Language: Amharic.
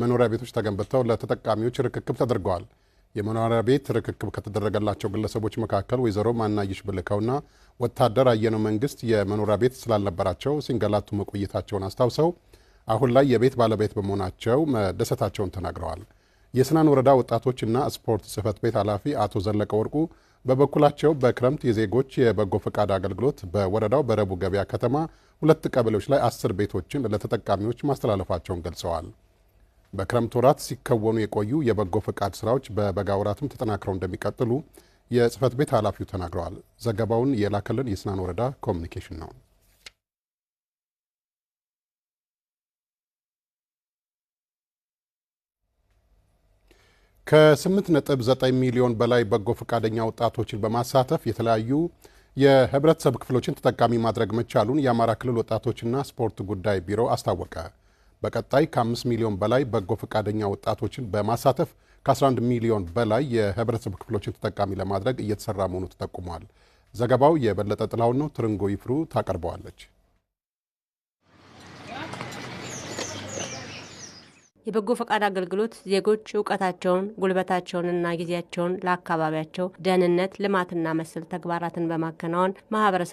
መኖሪያ ቤቶች ተገንብተው ለተጠቃሚዎች ርክክብ ተደርገዋል። የመኖሪያ ቤት ርክክብ ከተደረገላቸው ግለሰቦች መካከል ወይዘሮ ማናይሽ ብልከውና ወታደር አየነው መንግስት የመኖሪያ ቤት ስላልነበራቸው ሲንገላቱ መቆየታቸውን አስታውሰው አሁን ላይ የቤት ባለቤት በመሆናቸው መደሰታቸውን ተናግረዋል። የስናን ወረዳ ወጣቶችና ስፖርት ጽህፈት ቤት ኃላፊ አቶ ዘለቀ ወርቁ በበኩላቸው በክረምት የዜጎች የበጎ ፈቃድ አገልግሎት በወረዳው በረቡ ገበያ ከተማ ሁለት ቀበሌዎች ላይ አስር ቤቶችን ለተጠቃሚዎች ማስተላለፋቸውን ገልጸዋል። በክረምት ወራት ሲከወኑ የቆዩ የበጎ ፈቃድ ስራዎች በበጋ ወራትም ተጠናክረው እንደሚቀጥሉ የጽህፈት ቤት ኃላፊው ተናግረዋል። ዘገባውን የላከልን የስናን ወረዳ ኮሚኒኬሽን ነው። ከ8.9 ሚሊዮን በላይ በጎ ፈቃደኛ ወጣቶችን በማሳተፍ የተለያዩ የህብረተሰብ ክፍሎችን ተጠቃሚ ማድረግ መቻሉን የአማራ ክልል ወጣቶችና ስፖርት ጉዳይ ቢሮ አስታወቀ። በቀጣይ ከ5 ሚሊዮን በላይ በጎ ፈቃደኛ ወጣቶችን በማሳተፍ ከ11 ሚሊዮን በላይ የህብረተሰብ ክፍሎችን ተጠቃሚ ለማድረግ እየተሰራ መሆኑ ተጠቁመዋል። ዘገባው የበለጠ ጥላሁን ነው። ትርንጎ ይፍሩ ታቀርበዋለች። የበጎ ፈቃድ አገልግሎት ዜጎች እውቀታቸውን ጉልበታቸውንና ጊዜያቸውን ለአካባቢያቸው ደህንነት፣ ልማትና መሰል ተግባራትን በማከናወን ማህበረሰብ